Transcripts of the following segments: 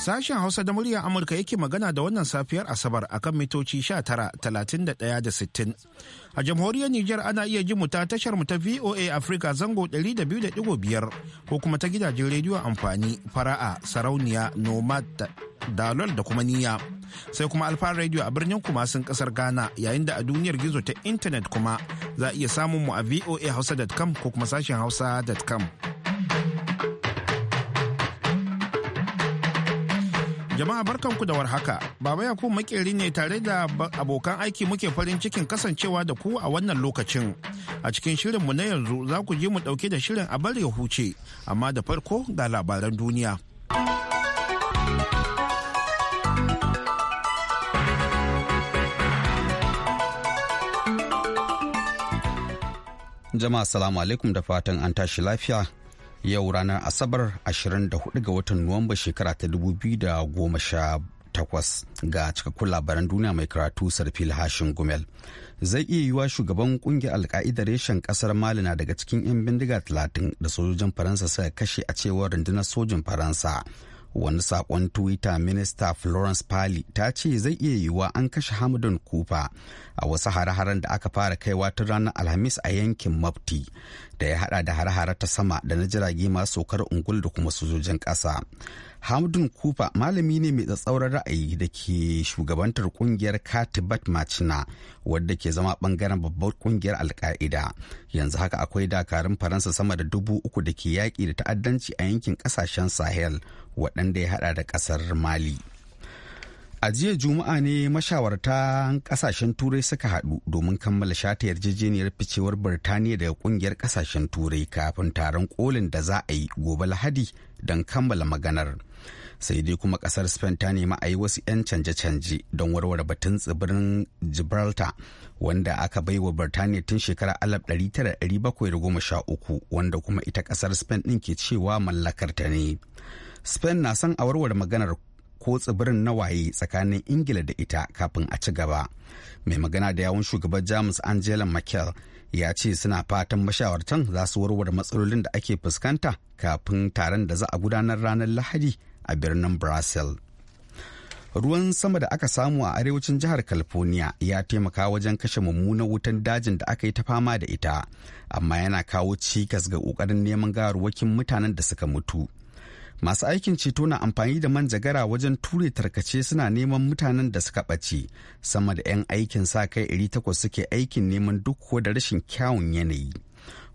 Sashen Hausa da muryar Amurka yake magana da wannan safiyar Asabar a kan mitoci da 19,31,60. A jamhuriyar Nijar ana iya ji ta tashar mu ta VOA Africa zango 200.5 ko kuma ta gidajen rediyo amfani fara'a sarauniya nomad dalol da kuma niyya. Sai kuma alfa rediyo a birnin kumasin kasar Ghana yayin da a duniyar gizo ta intanet kuma za a iya samun mu a voa voahausa.com ko kuma sashen hausa.com. Jama'a barkanku da warhaka. Baba Yakubu makeri ne tare da abokan aiki muke farin cikin kasancewa da ku a wannan lokacin. A cikin shirinmu na yanzu za ku ji mu ɗauke da shirin a bari ya huce, amma da farko ga labaran duniya. Jama'a salamu alaikum da fatan an tashi lafiya yau ranar asabar 24 ga watan nuwamba shekara ta 2018 ga cikakkun labaran duniya mai karatu sarfil hashin gumel zai iya yiwuwa shugaban kungiyar alka'idar reshen kasar mali na daga cikin 'yan bindiga 30 da sojojin faransa suka kashe a cewar rundunar sojin faransa wani sakon twitter minista florence pali ta ce zai iya yiwuwa an kashe hamdan kufa a wasu hare-haren da aka fara kaiwa ta ranar alhamis a yankin mafti da ya hada da hare-hare ta sama da na jirage masu saukar ungul da kuma sojojin ƙasa hamdun kufa malami ne mai tsatsauran ra'ayi da ke shugabantar kungiyar katibat machina wadda ke zama bangaren babbar kungiyar alka'ida yanzu haka akwai dakarun faransa sama da dubu uku da ke yaƙi da ta'addanci a yankin ƙasashen sahel waɗanda ya haɗa da ƙasar mali a jiya juma'a ne mashawarta ƙasashen turai suka haɗu domin kammala shata yarjejeniyar ficewar birtaniya daga ƙungiyar ƙasashen turai kafin taron kolin da za a yi gobe lahadi don kammala maganar sai dai kuma kasar spain ta nemi a yi wasu 'yan canje-canje don warware batun tsibirin gibraltar wanda aka bai wa birtaniya tun shekarar 1713 wanda kuma ita kasar spain din ke cewa mallakarta ne spain na son a warware maganar ko tsibirin na waye tsakanin ingila da ita kafin a ci gaba mai magana da yawun shugaban jamus angela merkel ya ce suna fatan mashawartan za su warware matsalolin da ake fuskanta kafin taron da za a gudanar ranar lahadi a birnin Brussels. Ruwan sama da aka samu a arewacin jihar California ya taimaka wajen kashe mummunan wutan dajin da aka yi ta fama da ita, amma yana kawo cikas ga ƙoƙarin neman gawarwakin mutanen da suka mutu. Masu aikin ceto na amfani da manjagara wajen ture tarkace suna neman mutanen da suka ɓace, sama da 'yan aikin sa kai 800 suke aikin neman duk da rashin kyawun yanayi.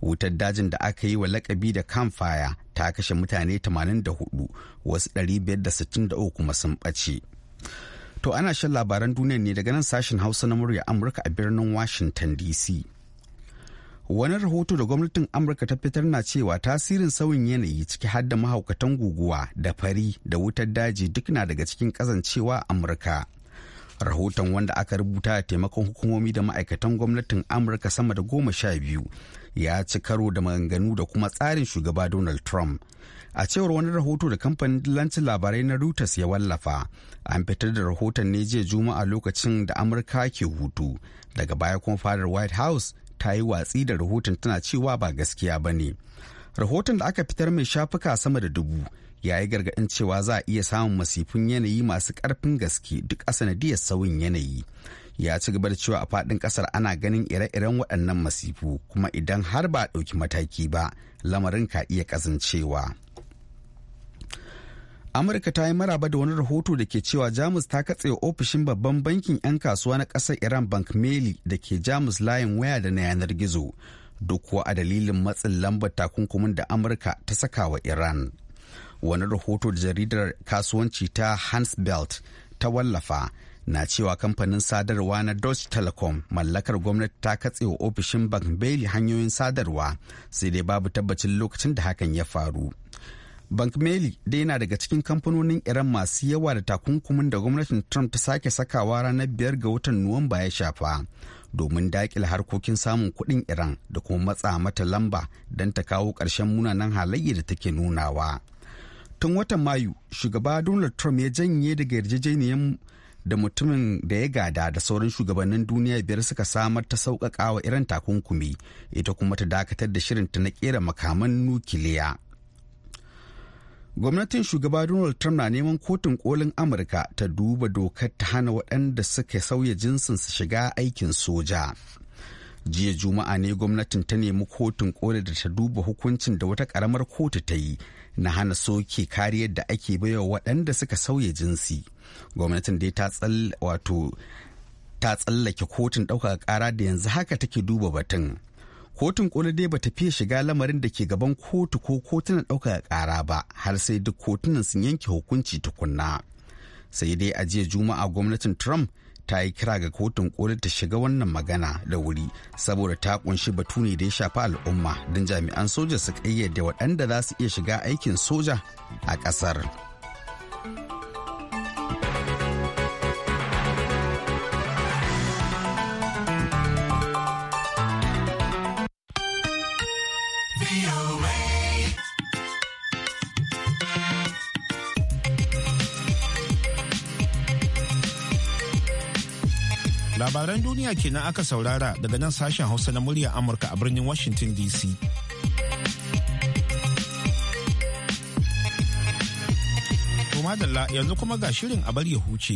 wutar dajin da aka yi wa lakabi da campfire ta kashe mutane 84 wasu 563 kuma sun ɓace to ana shan labaran duniya ne daga nan sashen hausa na murya amurka a birnin washington dc wani rahoto da gwamnatin amurka ta fitar na cewa tasirin sauyin yanayi ciki har da mahaukatan guguwa da fari da wutar daji duk na daga cikin kazancewa amurka rahoton wanda aka rubuta da taimakon hukumomi da ma'aikatan gwamnatin amurka sama da goma sha biyu ya ci karo da maganganu da kuma tsarin shugaba Donald Trump. A cewar wani rahoto da kamfanin dillancin labarai na Reuters ya wallafa, an fitar da rahoton ne jiya Juma'a lokacin da Amurka ke hutu. Daga baya kuma fadar White House ta yi watsi da rahoton tana cewa ba gaskiya ba ne. Rahoton da aka fitar mai shafuka sama da dubu ya yi gargaɗin cewa za a iya samun masifin yanayi masu ƙarfin gaske duk a sanadiyar sauyin yanayi. ya ci gaba da cewa a faɗin ƙasar ana ganin ire-iren waɗannan masifu kuma idan har ba a ɗauki mataki ba lamarin ka iya ƙazancewa. amurka ta yi maraba da wani rahoto da ke cewa jamus ta katse ofishin babban bankin 'yan kasuwa na ƙasar iran bank meli da ke jamus layin waya da na yanar gizo duk kuwa a dalilin matsin lambar takunkumin da amurka ta saka wa iran wani rahoto da jaridar kasuwanci ta hans belt ta wallafa na cewa kamfanin sadarwa na Deutsche Telecom mallakar gwamnati ta katse wa ofishin Bank Bailey hanyoyin sadarwa sai dai babu tabbacin lokacin da hakan ya faru. Bank Bailey dai yana daga cikin kamfanonin Iran masu yawa da takunkumin da gwamnatin Trump ta sake sakawa ranar biyar ga watan Nuwamba ya shafa domin daƙile harkokin samun kuɗin Iran da kuma matsa mata lamba don ta kawo ƙarshen munanan halayya da take nunawa. Tun watan Mayu, shugaba Donald Trump ya janye daga yarjejeniyar da mutumin da ya gada da sauran shugabannin duniya biyar suka samar ta sauƙaƙa wa irin takunkumi ita kuma ta dakatar da shirinta na ƙera makaman nukiliya gwamnatin shugaba donald trump na neman kotun kolin amurka ta duba dokar ta hana waɗanda suka sauya jinsin su shiga aikin soja jiya juma'a ne gwamnatin ta nemi kotun koli da ta duba hukuncin da wata ƙaramar kotu ta yi na hana soke kariyar da ake baiwa waɗanda suka sauya jinsi gwamnatin dai ta tsallake kotun ɗaukaka ƙara da yanzu haka take duba batun kotun ƙuli dai bata fiye shiga lamarin da ke gaban kotu ko kotunan ɗaukaka ƙara ba har sai duk kotunan sun yanke hukunci tukunna sai dai a jiya juma'a gwamnatin trump ta yi kira ga kotun koli ta shiga wannan magana da wuri saboda ta kunshi batu ne da ya shafi al'umma don jami'an soja su kayyade waɗanda za su iya shiga aikin soja a ƙasar. labaran duniya kenan aka saurara daga nan sashen hausa na murya amurka a birnin washington dc madalla yanzu kuma ga shirin a bar ya huce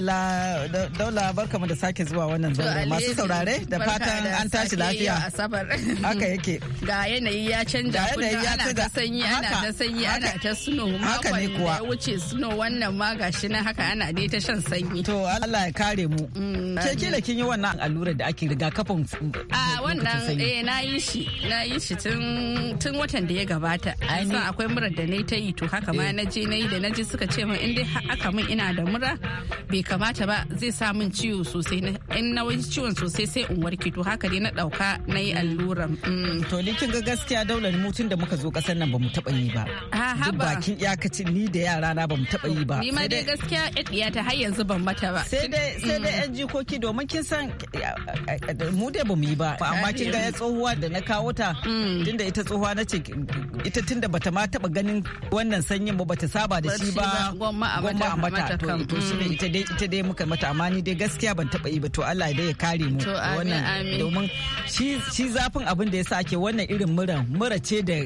love. Daula barkamu da sake zuwa wannan zaure masu saurare da fatan an tashi lafiya. Haka yake. Ga yanayi ya canja kullum ana ta sanyi ana ta sanyi ana ta suno haka ne kuwa. Ya wuce suno wannan ma gashi na haka ana dai ta shan sanyi. To Allah ya kare mu. Ke da kin yi wannan allura da ake rigakafin A wannan eh na yi shi na yi shi tun tun watan da ya gabata. Sai akwai murar da na ta yi to haka ma na je na yi da na ji suka ce min in dai aka min ina da mura bai kamata ba zai sa sa min ciwo sosai in na wani ciwon sosai sai in warke to haka dai na dauka na yi alluran mm. to likin ga gaskiya daular mutun da muka zo kasar nan ba mu taba yi ba duk bakin iyakaci ni da yara na ba mu taba yi ba ni ma dai gaskiya ɗiya ta har yanzu ban mata ba sai dai sai dai yan mm. jikoki domin kin san mu dai ba mu yi ba amma kin ga ya tsohuwa da na kawo ta mm. tunda ita tsohuwa na ce ita tunda bata ma taba ganin wannan sanyin ba bata saba da shi ba gwamma a mata to shi ne ita dai ita dai muka mata amma ni dai gaskiya ban taba yi ba to Allah dai ya kare mu wannan domin shi zafin abin da ya sa ke wannan irin mura mura ce da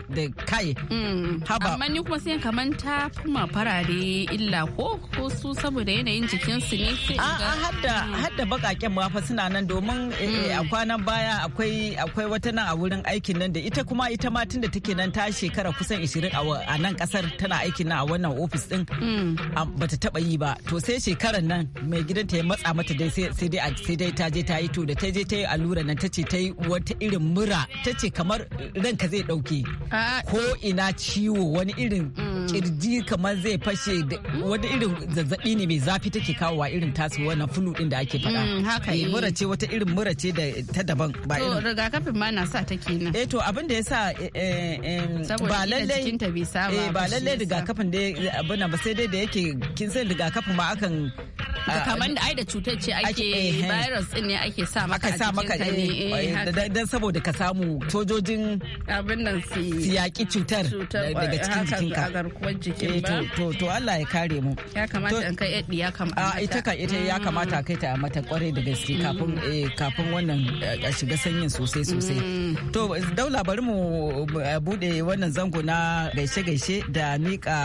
kai mm. haba amma ni kuma sai kaman ta kuma farare illa ko ko su saboda yanayin jikin su ne sai hadda mm. hadda bakaken ma fa suna nan domin eh, eh, mm. a kwanan baya akwai akwai wata nan a wurin aikin nan da ita kuma ita ma tunda take nan ta shekara kusan 20 a nan kasar tana aikin nan a wannan ofis din bata taba yi ba to sai shekaran nan mai gidanta ya watsa mata dai sai dai sai dai ta je ta yi to da ta je ta yi allura nan ta ce ta yi wata irin mura ta ce kamar ranka zai dauke ko ina ciwo wani irin kirji kamar zai fashe wani irin zazzabi ne mai zafi take kawowa irin tasu wannan flu din da ake faɗa mm, haka yi eh, eh. mura ce wata irin mura ce da ta daban ba irin rigakafin ma na sa take kenan eh to abin da yasa eh, ba lallai ba lallai rigakafin da abin ba sai dai da yake kin san rigakafin ma akan kamar da ai da cutar ce ake eh, eh. virus din ne ake sa maka aka sa ne eh, dan saboda ka samu sojojin abin nan su yaki cutar daga cikin jikinka garkuwar jikin ba to to Allah ya kare mu ya kamata in kai yaddi ya kamata a ah, ita ka ita ya kamata kai ta mata kwarai da gaske mm. kafin kafin wannan a shiga sanyin sosai sosai mm. to daula bari mu bude wannan zango na gaishe gaishe da mika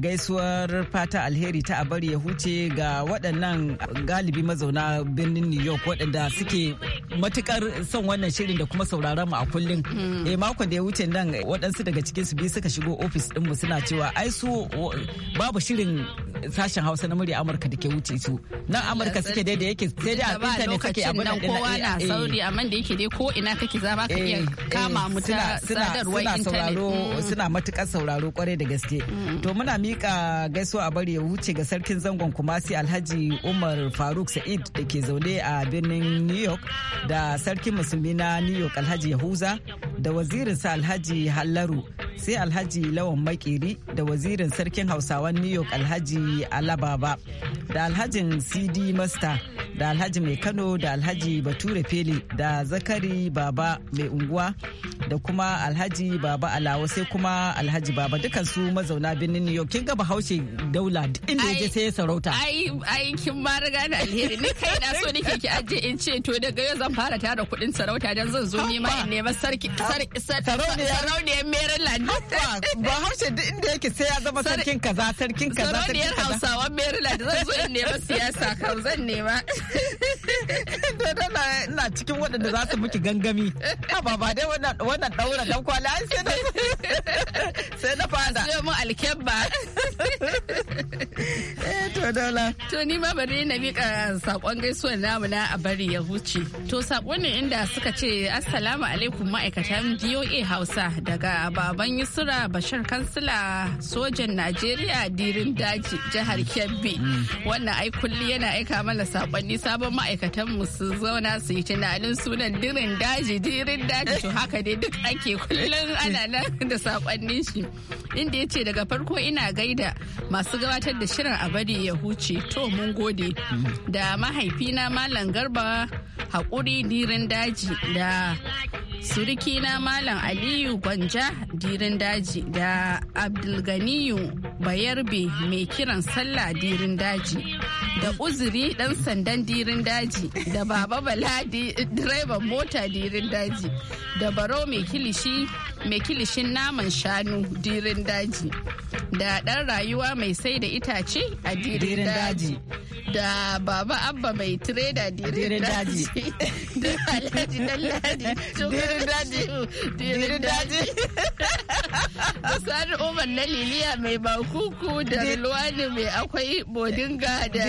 gaisuwar fata alheri ta abari ya huce ga waɗannan galibi mazauna birnin new york waɗanda suke matukar son wannan shirin da kuma sauraron mu a kullum hmm. eh makon da ya wuce nan waɗansu daga cikin su biyu suka shigo ofis din mu suna cewa ai su babu shirin sashen hausa na murya amurka da ke wuce su nan amurka suke dai da yake sai dai a intanet kake abin nan kowa na eh, sauri amma da yake dai ko ina kake za ka eh, iya eh, kama mu ta sadarwar intanet hmm. suna sauraro suna matukar sauraro kwarai da gaske hmm. to muna mika gaisuwa a bari ya wuce ga sarkin zangon kumasi alhaji umar faruk sa'id da ke zaune a birnin new york da sarkin musulmi na new york alhaji yahuza da wazirinsa alhaji hallaru sai alhaji lawan makiri da wazirin sarkin hausawan new york alhaji alababa da Alhaji cd master da alhaji mai kano da alhaji bature fele da zakari baba mai unguwa da kuma alhaji baba alawa sai kuma alhaji baba dukansu mazauna birnin new york kin ga bahaushe daula inda yaje sai ya sarauta ai ai kin ma riga da alheri ni kai na so nake ki aje in ce to daga yau zan fara tara kuɗin sarauta dan zan zo nema in nema sarki sarauniyar Maryland bahaushe duk inda yake sai ya zama sarkin kaza sarkin kaza Hausawa Maryland zan zo in nema siyasa kan zan nema ina cikin waɗanda za su miki gangami ba ba dai wannan daura dan kwala sai na fada sai mu alkebba Eh, to daula. To ni ma bari na mika sakon gaisuwar na na a bari ya huce. To sakon ne inda suka ce Assalamu alaikum ma'aikatan DOA Hausa daga baban Yusura bashar Kansila sojan Najeriya dirin daji jihar Kebbi. Hmm. Wannan ai kulli yana aika mana sakonni sabon ma'aikatan mu su zauna su yi tunanin sunan dirin daji dirin daji to haka dai duk ake kullum ana nan da sakonnin shi. inda ya ce daga farko ina gaida masu gabatar da shirin abadi ya huce to mun gode da mahaifina malam garba haƙuri dirin daji da surikina malam aliyu gwanja dirin daji da abdulganiyu bayarbe mai kiran sallah dirin daji da uzuri dan sandan dirin daji da baba bala direban mota dirin daji da baro mai kilishi mai kilishin naman shanu dirin daji da dan rayuwa mai sai da itace a dirin daji da baba abba mai tireda dirin daji da alhaji ladi dirin daji dirin daji da sani umar na liliya mai bakuku da ruwani mai akwai bodinga da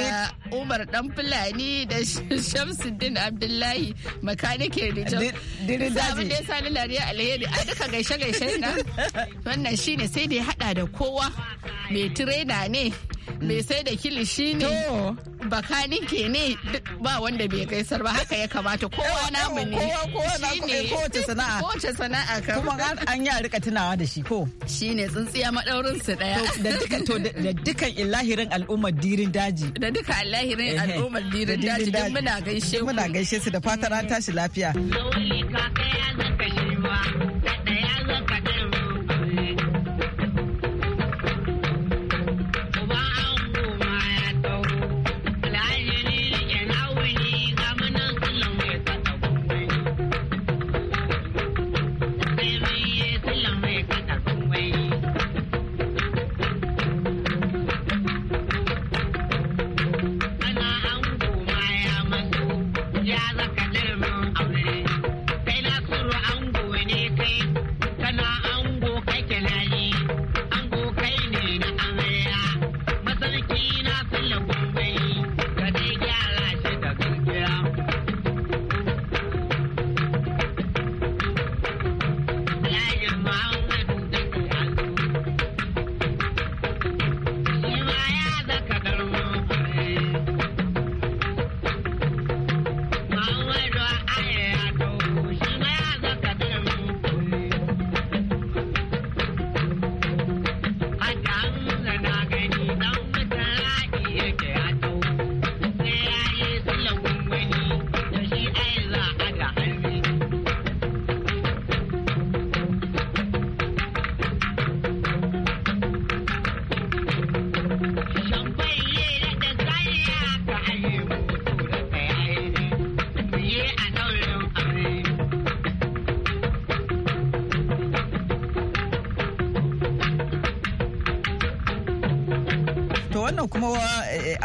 Umar Dan Fulani da Shamsuddin Abdullahi makanike Sabon da ya sani Lariya Alheri a duka gaishe-gaishe na wannan shine sai da ya hada da kowa mai tirena ne mai sai da kilishi ne. ke ne ba wanda bai gaisar ba haka ya kamata kowa eh, mu ne eh, kowace sana'a kowace sana'a kuma an yi a rika tunawa da shi ko shine tsintsiya madaurin su daya da dukan to da dukan illahirin al'ummar dirin daji da dukan illahirin al'ummar dirin daji duk muna gaishe muna gaishe su da fatan an tashi lafiya dole ka kai zaka shi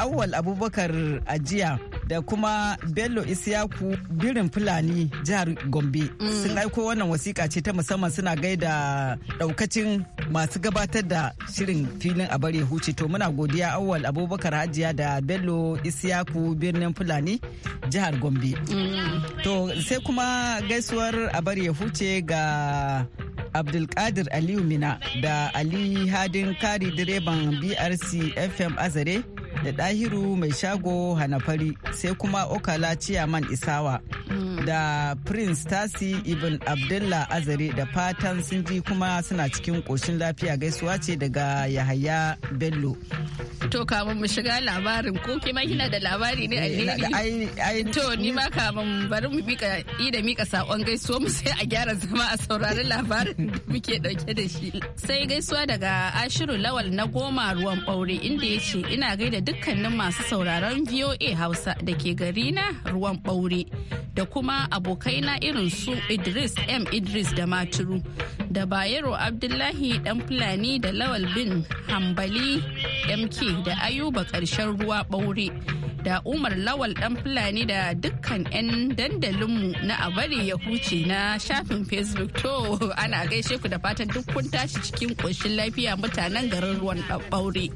Awwal Abubakar Ajiya da kuma Bello Isiyaku birin Fulani jihar Gombe mm. sun aiko wannan wasiƙa ce ta musamman suna gaida daukacin masu gabatar da shirin filin a bare huce to muna godiya Awwal Abubakar Ajiya da Bello Isiyaku birnin Fulani jihar Gombe. Mm. To sai kuma gaisuwar a bare huce ga abdulkadir aliyu mina da ali hadin kari direban brc fm azare da Dahiru mai shago Hanafari sai kuma Okala Ciyaman Isawa da Prince Tasi Ibn Abdullah Azare da fatan sun ji kuma suna cikin ƙoshin lafiya gaisuwa ce daga Yahaya Bello. To kamun mu shiga labarin ko ke kina da labari ne alheri. Eh, to ni ma kamun bari mu bika i da mika sakon gaisuwa mu sai a gyara zama a saurari labarin da muke dauke da shi. Sai gaisuwa daga Ashiru Lawal na goma ruwan baure inda yace ina gaida dukkanin masu sauraron VOA Hausa da ke gari na ruwan baure da kuma abokaina irin su Idris M Idris da Maturu da bayero abdullahi dan fulani da lawal bin hambali mk da ayuba karshen ruwa ɓaure da umar lawal dan fulani da dukkan 'yan dandalinmu na abari ya huce na shafin facebook to ana gaishe ku da fatan duk kun tashi cikin ƙoshin lafiya mutanen garin ruwan ɓaure.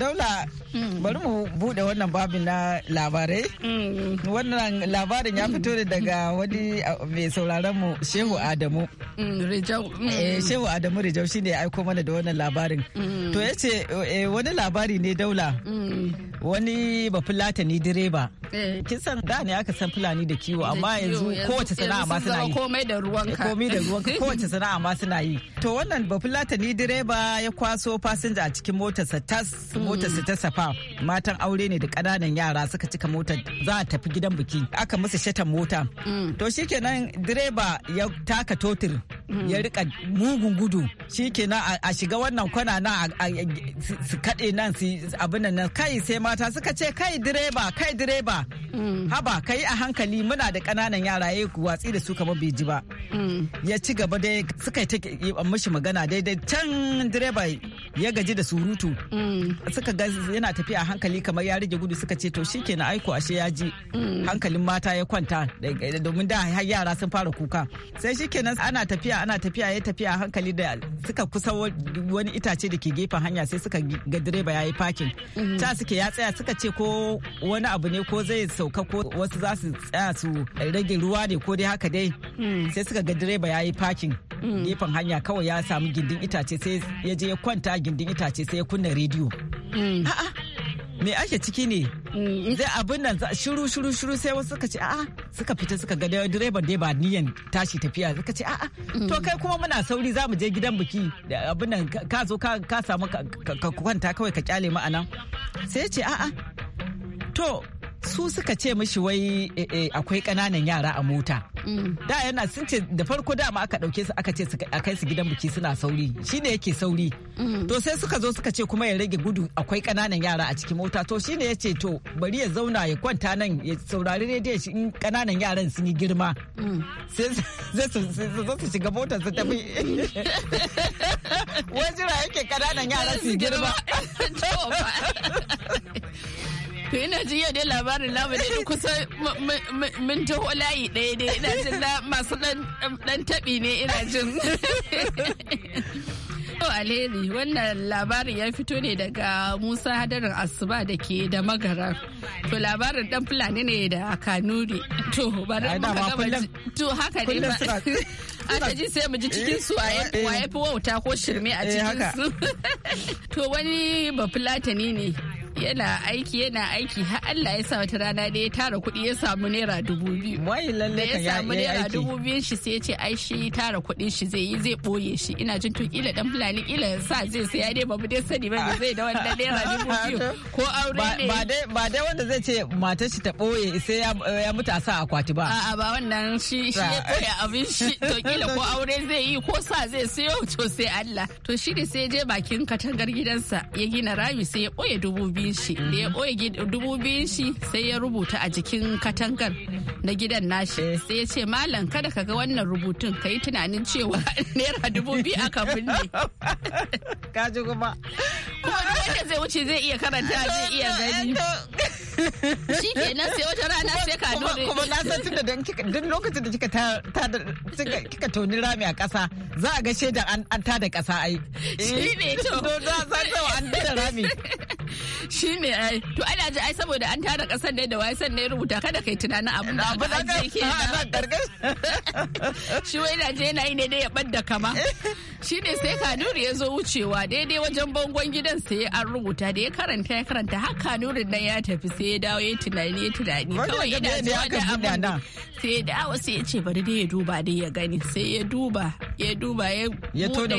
daula hmm. bari mu bude wannan babin na labarai hmm. wannan labarin ya fito ne daga wani mai sauraron mu shehu adamu hmm, eh, shehu adamu rijau shine ya aiko mana da wannan labarin to yace ce eh, wani labari ne daula wani bafulatani direba Eh, kin san da ne aka san fulani da kiwo amma yanzu kowace sana'a ma suna yi komai da ka eh, komai da ruwanka kowace sana'a ma suna yi to wannan fulata ni direba ya kwaso fasinja a cikin motarsa tas mm. motarsa ta safa matan aure ne da kananan yara suka cika motar za a tafi gidan biki aka musu shatan mota mm. to shikenan direba ya taka totir ya mm. rika mugun gudu shi kenan a shiga wannan kwana na su kaɗe nan su abin nan kai sai mata suka ce kai direba kai direba mm. haba ka yi a hankali muna da ƙananan yara ya eh, yi watsi da su kamar bai ji ba mm. ya ci gaba dai suka yi mishi magana daidai can direba ya gaji da surutu suka ga yana tafiya a hankali kamar ya rage gudu suka ce to shikenan aiko ashe ya ji hankalin mata ya kwanta domin da har yara sun fara kuka sai shikenan ana tafiya ana tafiya ya tafiya hankali da suka kusa wani itace da ke gefen hanya sai suka ga direba ya yi fakin mm-hmm. ta suke ya tsaya suka ce ko wani abu ne ko zai sauka ko wasu za su tsaya su rage ruwa ne ko dai haka dai mm. sai suka ga direba ya yi fakin mm. gefen hanya kawai ya samu gindin itace sai ya je ya kwanta gindin itace sai ya kunna rediyo mm. me ake ciki ne da mm. abin nan shiru shiru shiru sai wasu suka ce a'a suka fita suka ga direban dai ba niyan tashi tafiya suka ce a'a mm. to kai kuma muna sauri za mu je gidan biki abin nan ka zo ka samu ka kwanta kawai ka kyale mu anan sai ce a'a to su suka ce mishi wai eh, eh, akwai ƙananan yara a mota mm. da yana sun ce da farko dama aka ɗauke su aka ce a kai su gidan biki suna sauri shi ne yake sauri mm. to sai suka zo suka ce kuma ya rage gudu akwai ƙananan yara a cikin mota to ne ya ce to bari ya zauna ya kwanta nan ya saurari rediyo shi in ƙananan yaran sun yi girma mm. sai su su shiga mota su tafi wajira yake ƙananan yaran su girma To ina ji yau dai labarin namu ne da kusa min taho layi ɗaya dai ina jin na masu ɗan taɓi ne ina jin. To Aleri wannan labarin ya fito ne daga Musa Hadarin Asuba da ke da magara. To labarin dan Fulani ne da Kanuri. To bari mu gaba to haka ne ba. Aka ji sai mu ji eh, cikin su eh. waye fi wauta ko shirme a eh, cikin su. To wani ba fulatani ne yana aiki yana aiki har Allah ya sa wata rana da ya tara kuɗi ya samu naira dubu biyu. Wai lalle kan ya samu naira dubu biyu shi sai ya ce ai shi tara kuɗin shi zai yi zai ɓoye shi ina jin to kila dan fulani kila sa zai saya dai ba mu dai sani ba zai da wannan naira dubu biyu ko aure ne. Ba dai wanda zai ce matar shi ta ɓoye sai ya mutu a sa akwati ba. A'a ba wannan shi shi ya ɓoye abin shi to kila ko aure zai yi ko sa zai sayo to sai Allah. To shi ne sai ya je bakin katangar gidansa ya gina rami sai ya ɓoye dubu biyu. biyun shi da ya ɓoye dubu biyun shi sai ya rubuta a jikin katangar na gidan nashi sai ya ce malam kada ka ga wannan rubutun ka yi tunanin cewa naira dubu biyu aka binne ji kuma kuma duk yadda zai wuce zai iya karanta zai iya gani shi ke nan sai wata rana sai ka dole kuma na san tunda don duk lokacin da kika ta kika toni rami a ƙasa za a ga shaidar an ta da ƙasa ai shi ne to don za a san an da rami shi ne ai to ana ji ai saboda an tara kasar ne da wai san ne rubuta kada kai tunanin abin da aka ajiye ke ah, shi wai na je yana yi ne dai ya badda kama shi ne sai kanuri ya zo wucewa daidai wajen bangon gidan sai an rubuta da ya karanta ya karanta har kanurin nan ya tafi sai ya dawo ya tunani ya tunani kawai yana zuwa da abin sai ya dawo sai ya ce bari dai ya duba dai ya gani sai ya duba ya duba ya tona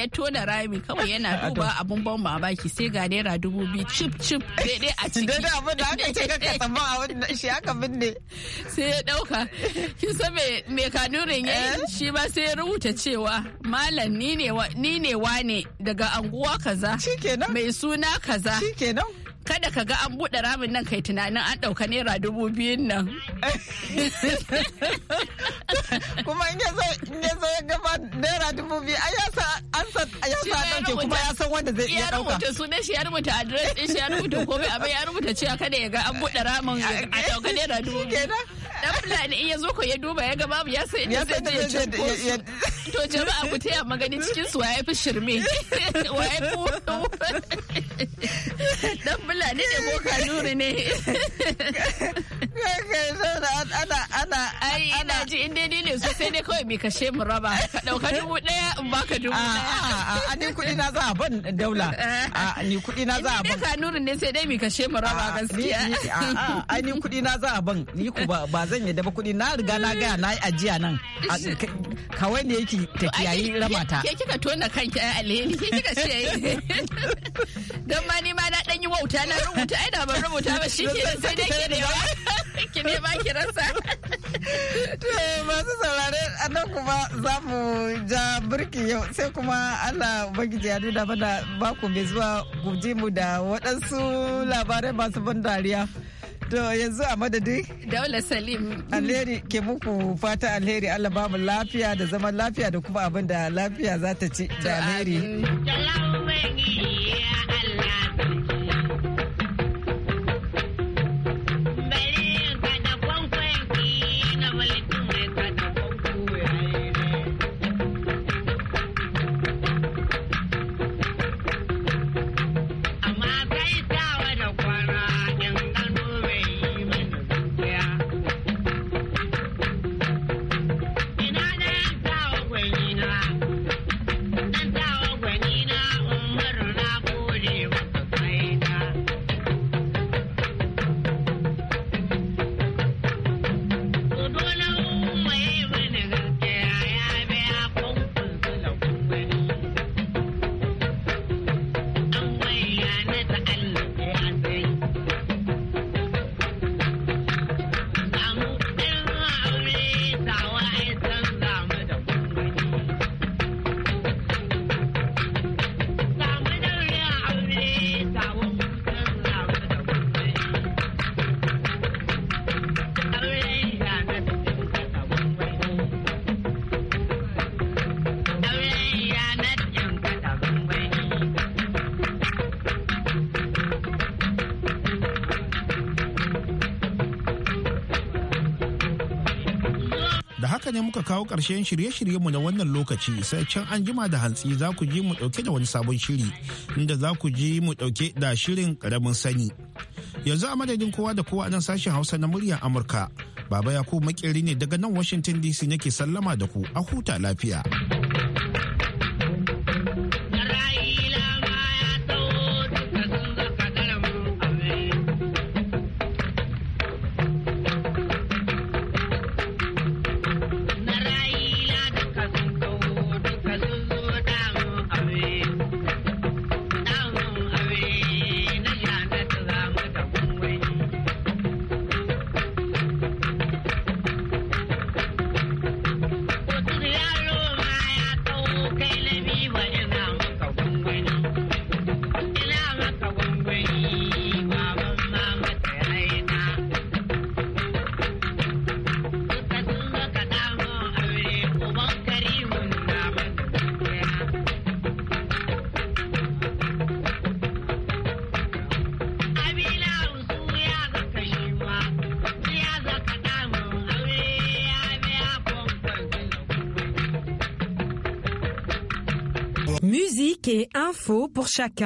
ya tona rami kawai yana duba abun ban mamaki sai ga naira dubu biyu cip cip daidai a ciki daidai abin da aka ce kaka tsama a wannan shi aka binne sai ya dauka kin san me me kanurin yayi eh? shi ba sai ya rubuta cewa malam ni ne ni ne wane daga anguwa kaza mai suna kaza shikenan kada ka ga an buɗe ramin nan kai tunanin an ɗauka naira dubu biyun nan. kuma in ya zo ya gaba naira dubu biyu a yasa an sa ɗauke kuma ya san wanda zai iya ɗauka. Ya rubuta sunan shi ya rubuta adres ɗin shi ya rubuta komai bai, ya rubuta cewa kada ya ga an buɗe ramin a ɗauka naira dubu biyu. Dan Fulani in ya zo ko ya duba ya ga babu ya san inda zai je cin To jama'a ku taya magani cikin su waye fi shirme. Waye fi fulani ne ne boka nuru ne. Kai kai ana ina ji in dai ne so sai dai kawai mai kashe mu raba ka dauka dubu daya in baka dubu daya a ni kudi na za a ban daula a ni kudi na za a ban ka nurin ne sai dai mai kashe mu raba gaskiya a ni kudi na za a ban ni ku ba zan yadda ba kuɗi na riga na gaya na yi ajiya nan kawai ne yake ta kiyayi raba ta ke kika tona kanki ai alheri ke kika ce don ma ni ma na dan yi wauta na rubuta ai da ban rubuta ba shi ke sai dai ke ne ba ki ne ba ki rasa Eh, masu saurare a nan kuma za mu ja birki yau sai kuma Allah Ubangiji ya nuna mana baku mai zuwa guji mu da waɗansu labarai masu ban dariya. To yanzu a madadin? Daula Salim. Alheri ke muku fata alheri Allah ba mu lafiya da zaman lafiya da kuma abin da lafiya za ta ci da alheri. Allah muka kawo ƙarshen shirye-shiryenmu na wannan lokaci sai can an jima da hantsi za ku ji mu ɗauke da wani sabon shiri inda za ku ji mu ɗauke da shirin ƙaramin sani. Yanzu a madadin kowa da kowa nan sashen Hausa na muryar Amurka. Baba Yakubu makeri ne daga nan Washington DC nake sallama da ku a huta lafiya. et infos pour chacun.